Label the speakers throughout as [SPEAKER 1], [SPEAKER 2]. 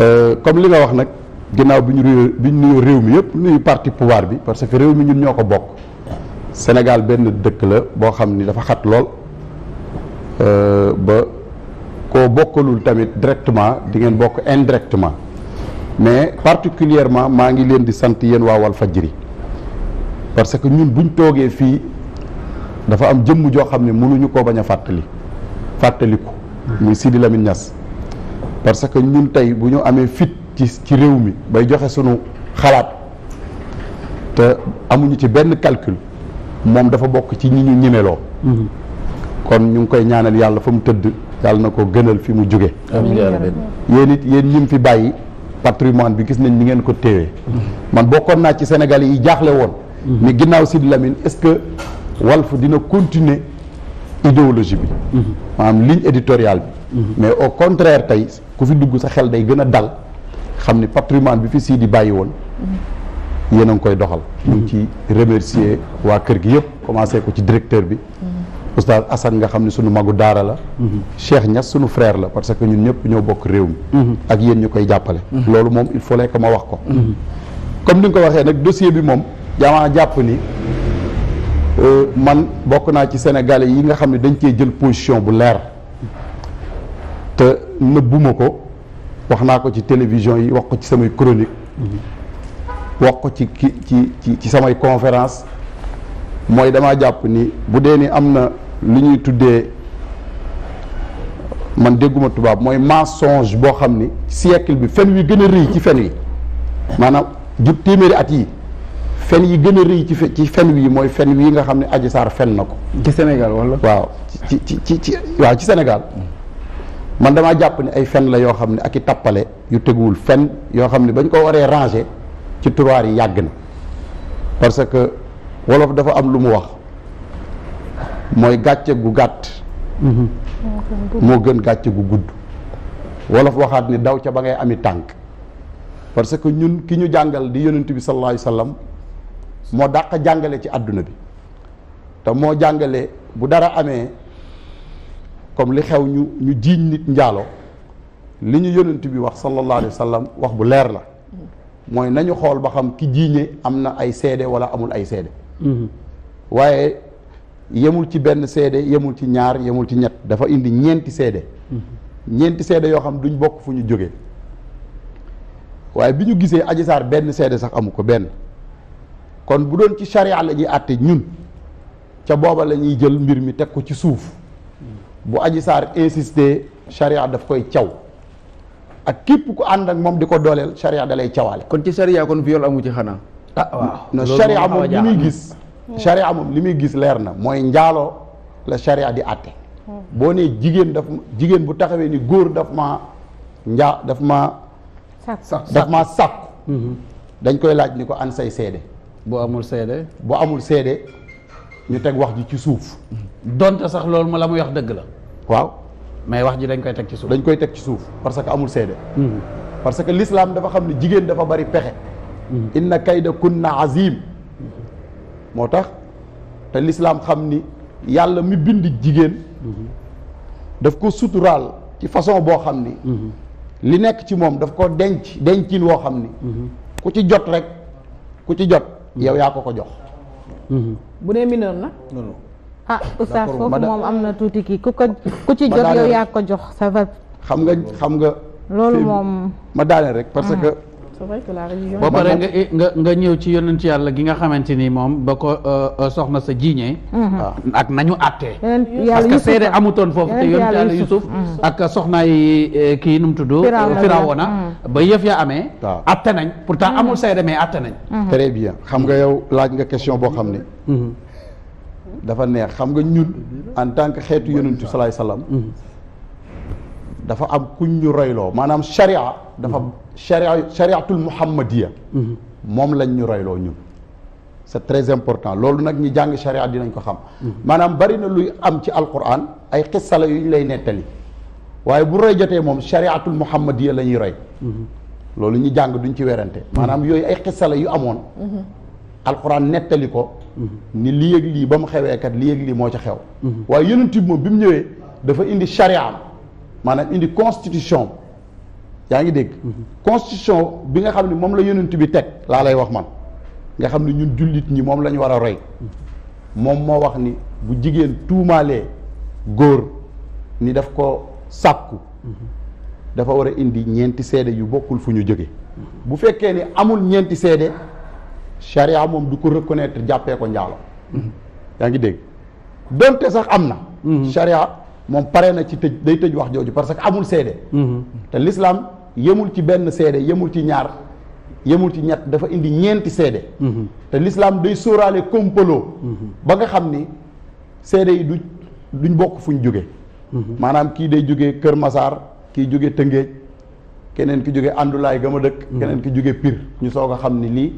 [SPEAKER 1] Euh, comme li nga wax nag ginnaaw bi ñu réew bi ñu réew mi yëpp nuyu parti pouvoir bi parce que réew mi ñun ñoo ko bokk Sénégal benn dëkk la boo xam ni dafa xat lool euh, ba ko bokkalul tamit directement di ngeen bokk indirectement mais particulièrement maa ngi leen di sant yéen waa Walfadjri parce que ñun bu ñu toogee fii dafa am jëmm joo xam ne mënuñu koo bañ a fàttali fàttaliku hmm. muy Sidi Lamine Niass parce que ñun tey bu ñu amee fit ci ci réew mi bay joxe sunu xalaat te amuñu ci benn calcul moom dafa bokk ci ñi ñu ñimeloo mhm. kon ñu ngi koy ñaanal yàlla fa mu tëdd yàlla na ko gënal fi mu jóge yéen it yéen ñim fi bàyyi patrimoine bi gis nañ ni ngeen ko téewee man bokkoon naa ci Sénégal yi jaaxle woon mais mhm. ginnaaw Sidi Lamine est-ce que Walf dina continuer idéologie bi mhm. maanaam ligne éditoriale bi mhm. mais au contraire tey ku fi dugg sa xel day gën a dal xam ni patrimoine bi fi sii di bàyyi woon
[SPEAKER 2] mhm.
[SPEAKER 1] yéen a ngi koy doxal ñu ci remercier waa kër gi yëpp commencé ko ci directeur bi oustaz Assane nga xam ne suñu magu daara la Cheikh Niass sunu frère la parce que ñun ñëpp ñoo bokk réew mi ak yéen ñu koy jàppale loolu moom il fallait que ma wax ko comme ni nga ko waxee nag dossier bi moom jamaa jàpp ni Euh, man bokk naa ci sénégalais yi nga xam ne dañ cee jël position bu leer te nëbbuma ko wax naa ko ci télévision yi wax ko ci samay chronique wax ko ci ci ci ci samay conférence mooy damaa jàpp ni bu dee ni am na lu ñuy tuddee man dégguma tubaab mooy mensonge boo xam ni siècle bi fen wi gën a rëy ci fen wi maanaam jub téeméeri at yi fen yi gën a rëy ci ci fen wii mooy fen wii nga xam ne Adji Sarr fen na ko. ci Sénégal wala. waaw ci ci ci ci ci Sénégal man damaa jàpp ne ay fen la yoo xam ne ak i tappale yu teguwul fen yoo xam ne bañ ko waree ranger ci tiroir yi yàgg na parce que wolof dafa am lu mu wax mooy gàcce gu gàtt. moo gën gàcce gu gudd. wolof waxaat ni daw ca ba ngay ami tànk parce que ñun ki ñu jàngal di yonent bi sallallahu alayhi moo dàq jàngale ci àdduna bi te moo jàngale bu dara amee comme li xew ñu ñu jiiñ nit njaalo li ñu yonent bi wax sallallahu alayhi wa wax bu leer la mooy nañu xool ba xam ki jiiñe am na ay seede wala amul ay seede mm-hmm. waaye yemul ci benn seede yemul ci ñaar yemul ci ñett dafa indi ñeenti seede mm-hmm. ñeenti seede yoo xam duñ bokk fu ñu jógee waaye bi ñu gisee aji saar benn seede sax amu ko benn kon bu doon ci charia la ñuy àtte ñun ca booba la ñuy jël mbir mi teg ko ci suuf bu aji saar insisté charia daf koy caw ak képp ku ànd ak moom di ko dooleel charia da cawale kon ci charia kon viol amu ci xanaa. ah, ah waaw non charia moom li muy gis. charia hmm. moom li muy gis leer na mooy njaaloo la charia di àtte. Hmm. boo nee jigéen daf jigéen bu taxawee ni góor daf ma njaa daf ma. sàkku daf hmm. dañ koy laaj ni ko an say seede. boo amul seede boo amul seede ñu teg wax ji ci suuf donte sax loolu ma la mu wax dëgg la waaw mais wax ji dañ koy teg ci suuf dañ koy teg ci suuf parce que amul seede hmm. parce que lislaam dafa xam ne jigéen dafa bari pexe hmm. inna kayda kunna azim moo tax te lislaam xam ni yàlla mi bind jigéen hmm. daf ko suturaal ci façon boo xam ni li nekk ci moom daf ko denc dencin woo xam ni ku ci jot rek ku ci jot yow yaa ko ko jox. Mhm. bu dee mineur na
[SPEAKER 2] ah oustaz foofu moom am na tuuti kii ku ko ku ci jot yow yaa ko jox ça va.
[SPEAKER 1] xam nga xam nga. loolu moom. ma daane rek parce ah. que. c'est vrai nga nga nga ñëw ci yonent yàlla gi nga xamante ni moom ba ko euh, euh, soxna sa jiiñee. Mhm. Ah, ak nañu àttee. parce que seede amutoon foofu te yonent yàlla Yusuf mhm. ak soxna yi euh, kii nu mu tudd. Firawona mhm. ba yëf ya amee. waaw àtte nañ pourtant amul seede mais àtte nañ. très bien xam nga yow laaj nga question boo xam ne dafa neex xam nga ñun en tant que xeetu yonentu salaay salaam. dafa am kuñ ñu royloo maanaam sharia dafa sharia shariatul muhammadiya mhm. moom lañ ñu royloo ñun c'est très important loolu nag ñi jàng sharia dinañ ko xam mhm. maanaam bari na luy am ci alquran ay xissala yu ñu lay nettali waaye bu roy jotee moom shariatul muhammadiya la ñuy roy mhm. loolu ñu jàng duñ ci werante maanaam yooyu ay xissala yu amoon alquran nettali ko ni li yéeg lii ba mu xewee kat li yëg lii moo ci xew waaye yonent bi moom bi mu ñëwee dafa indi sharia maanaam indi constitution yaa ngi dégg mhm. constitution bi nga xam ne moom la yonent bi teg laa lay wax man nga xam ne ñun jullit ñi moom la ñu war a roy mhm. moom moo wax ni bu jigéen tuumaalee góor ni daf ko sàkku mhm. dafa war a indi ñeenti seede yu bokkul fu ñu jóge bu fekkee ni amul ñeenti seede charia moom du ko reconnaître jàppee ko njaalo yaa ngi dégg donte sax am na charia moom pare na ci tëj day tëj wax jooju parce que amul seede mhm. te lislaam yemul ci benn seede yemul ci ñaar yemul ci ñett dafa indi ñeenti seede mhm. te lislaam day sóoraale complot mhm. ba nga xam ni seede yi du duñ bokk fuñ jóge maanaam kii day jóge Kër Masaar kii jóge Tëngéej keneen ki jóge àndulaay gama dëkk keneen ki jóge Pire ñu soog a xam ni lii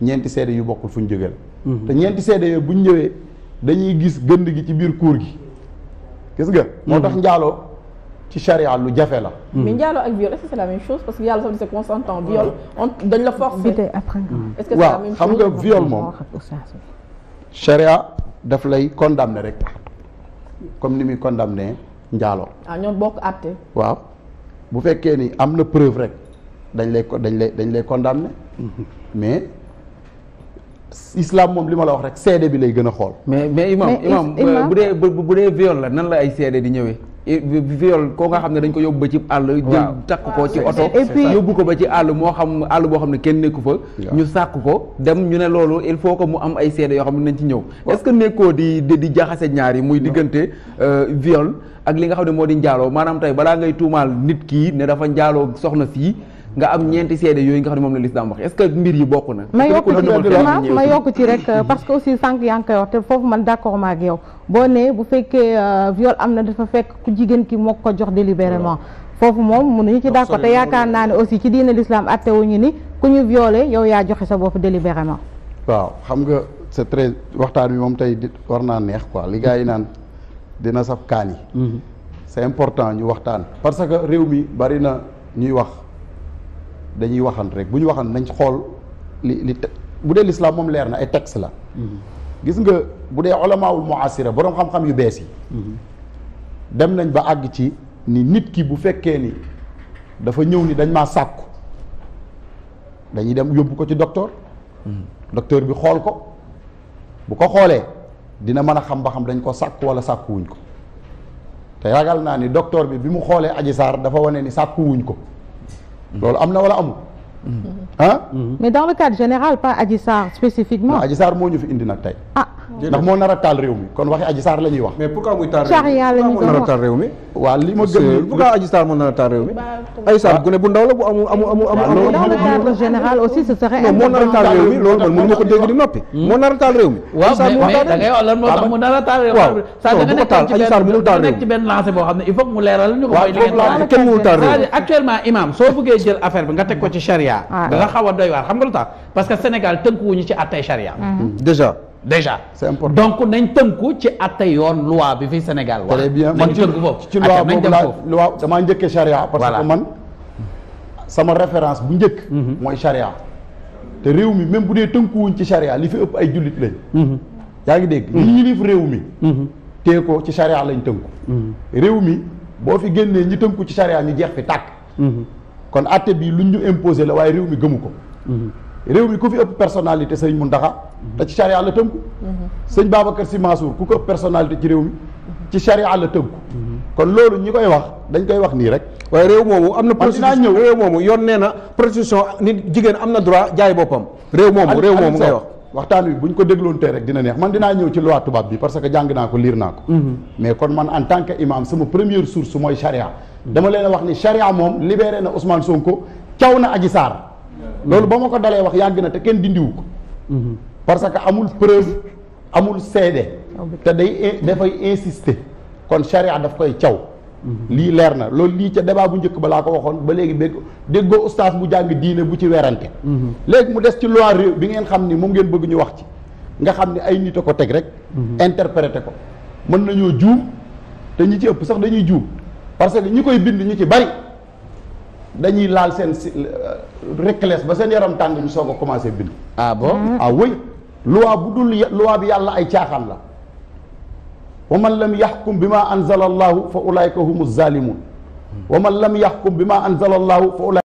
[SPEAKER 1] ñeenti seede yu bokkul fuñ jóge la te ñeenti seede yooyu buñ ñëwee dañuy gis gënd gi ci biir kuur gi gis nga. moo tax mhm. njaaloo ci charia lu jafe la. Mhm. mais njaaloo ak viol est-ce que c'est la même chose parce que yàlla sax c'est consentant viol on dañ la forcer. est-ce waaw xam nga viol moom. charia daf lay condamner rek comme ni muy condamner njaaloo. ah ñoom bokk àtte. waaw bu fekkee ni am na preuve rek dañ lay dañ dañ lay condamner mhm. mais. islam moom li ma la wax rek seede bi lay gën a xool. mais mais imam imam bu dee bu dee viol la nan la ay seede di ñëwee. viol koo nga xam ne dañ ko yóbbu ba ci àll. jël takk ko ci oto. yóbbu ko ba ci àll moo xam àll boo xam ne kenn nekku fa. ñu sàkk ko dem ñu ne loolu il faut que mu am ay seede yoo xam ne nañ ci ñëw. est-ce que nekkoo di di jaxase ñaar yi muy diggante euh, viol ak li nga xam ne moo di njaaloo maanaam tey balaa ngay tuumaal nit kii ne dafa njaaloo soxna fii nga am ñeenti seede yooyu nga xam ne moom la lislaam wax est-ce que mbir yi bokk na ma yokk ci ma yokk ci rek euh, parce que aussi sànq yaa ngi te foofu man d'accord ma ak boo ne bu fekkee euh, viol am na dafa fekk ku jigéen ki moo ko jox délibérément foofu moom mënuñu ci d'accord te yaakaar
[SPEAKER 2] naa ne aussi ci diine l'islam attewuñu ni ku ñu violé yow yaa joxe sa bopp délibérément
[SPEAKER 1] waaw xam nga sa très waxtaan bi moom tey war naa neex quoi li gars yi naan dina saf kaan yi mm-hmm. c'est important ñu waxtaan parce que réew mi bari na ñuy wax dañuy waxan rek bu ñu waxan nañ xool li li bu dee lislaam moom leer na ay texte la mm-hmm. gis nga bu dee olamaawul muasira boroom xam-xam yu bees yi mm-hmm. dem nañ ba àgg ci ni nit ki bu fekkee ni dafa ñëw ni dañ maa sàkku dañuy dem yóbbu ko ci docteur mm-hmm. docteur bi xool ko bu ko xoolee dina mën a xam ba xam dañ ko sàkku wala sàkkuwuñ ko te ragal naa ni docteur bi bi mu xoolee aji saar dafa wane ni sàkkuwuñ ko loolu am na wala amul. Mm-hmm. ah. Mm-hmm. mais dans le cadre général pas Adji Sarr spécifiquement. non moo ñu fi indi nag tey. ah ndax moo nar a taal réew mi kon waxi Adji Sarr la ñuy wax. mais pourquoi muy taal réew mi nar a taal réew mi. waaw li ma gëm pourquoi Adji Sarr moo nar a taal réew mi. Adji Sarr gune ah. bu ndaw la bu amul amul amul amul. dans le cadre général aussi ce serait. non moo nar a taal réew mi loolu man mënu ma ko dégg di noppi. Hmm? moo nar a taal réew mi. waaw mais da ngay wax lan moo tax ah, mu nar a taal réew mi. waaw non bu ko taal Adji Sarr mënul taal réew mi nekk ci benn lancé boo xam ne il faut que mu leeral ñu ko. waaw foofu la kenn mënul taal réew mi actuellement imam soo bëggee jël affaire bi nga teg ko ci charia. Ah. da nga xaw a doy waar xam nga lu tax parce que Sénégal tënkuwuñu ci attay charia mm-hmm. déjà déjà c'est important donc nañ tënku ci atte yoon loi bi fii Sénégal. très bien man ci ci loi boobu laa loi damaa njëkkee charia. parce que man sama référence bu njëkk. Mhm. mooy charia. te réew mi même bu dee tënkuwuñ ci charia li fi ëpp ay jullit lañ. Mhm. yaa ngi dégg. Mhm. li ñu liif réew mi. tee ko ci charia lañ tënku. réew mi boo fi génnee ñi tënku ci charia ñu jeex fi tàkk. kon atte bii lu ñu imposé la waaye réew mi gëmu ko. réew mi ku fi ëpp personnalité Serigne Mountakha. te ci charia la tënku. sëñ Babacar Sy Mansour ku ko personnalité ci réew mi ci charia la tënku. kon loolu ñi koy wax dañ koy wax nii rek. waaye réew moomu am na. prostitution ñëw réew moomu yoon nee na prostitution nit jigéen am na droit jaay boppam. réew moomu réew moomu wax. waxtaan wi bu ñu ko dégloon rek dina neex man dinaa ñëw ci loi tubaab bi parce que jàng naa ko liir naa ko. Mhm. mais kon man en tant que imam sama première source mooy charia. dama leen a wax ni charia moom libéré na Ousmane Sonko caw na Adji saar loolu ba ma ko dalee wax yàgg na te kenn dindiwu ko. Mhm. parce que amul preuve amul seede te day dafay insister kon charia daf koy caw mhm. lii leer na loolu lii ca débat bu njëkk balaa ko waxoon ba léegi dégg déggoo ustaas bu jàng diine bu ci werante mhm. léegi mu des ci loi réew bi ngeen xam ni moom ngeen bëgg ñu wax ci nga xam ne ay nit a ko teg rek mhm. interpréter ko mën nañoo juum te ñi ci ëpp sax dañuy juum parce que ñi koy bind ñi ci bari dañuy laal seen euh, réclès ba seen yaram tàng ñu soog a commencé bind ah bon ah loi bu dul loi bi yàlla ay caaxaan la wa man lam yaxkum bi ma anzala allahu fa ulaika humu zalimun wa man lam yaxkum bi ma anzala allahu fa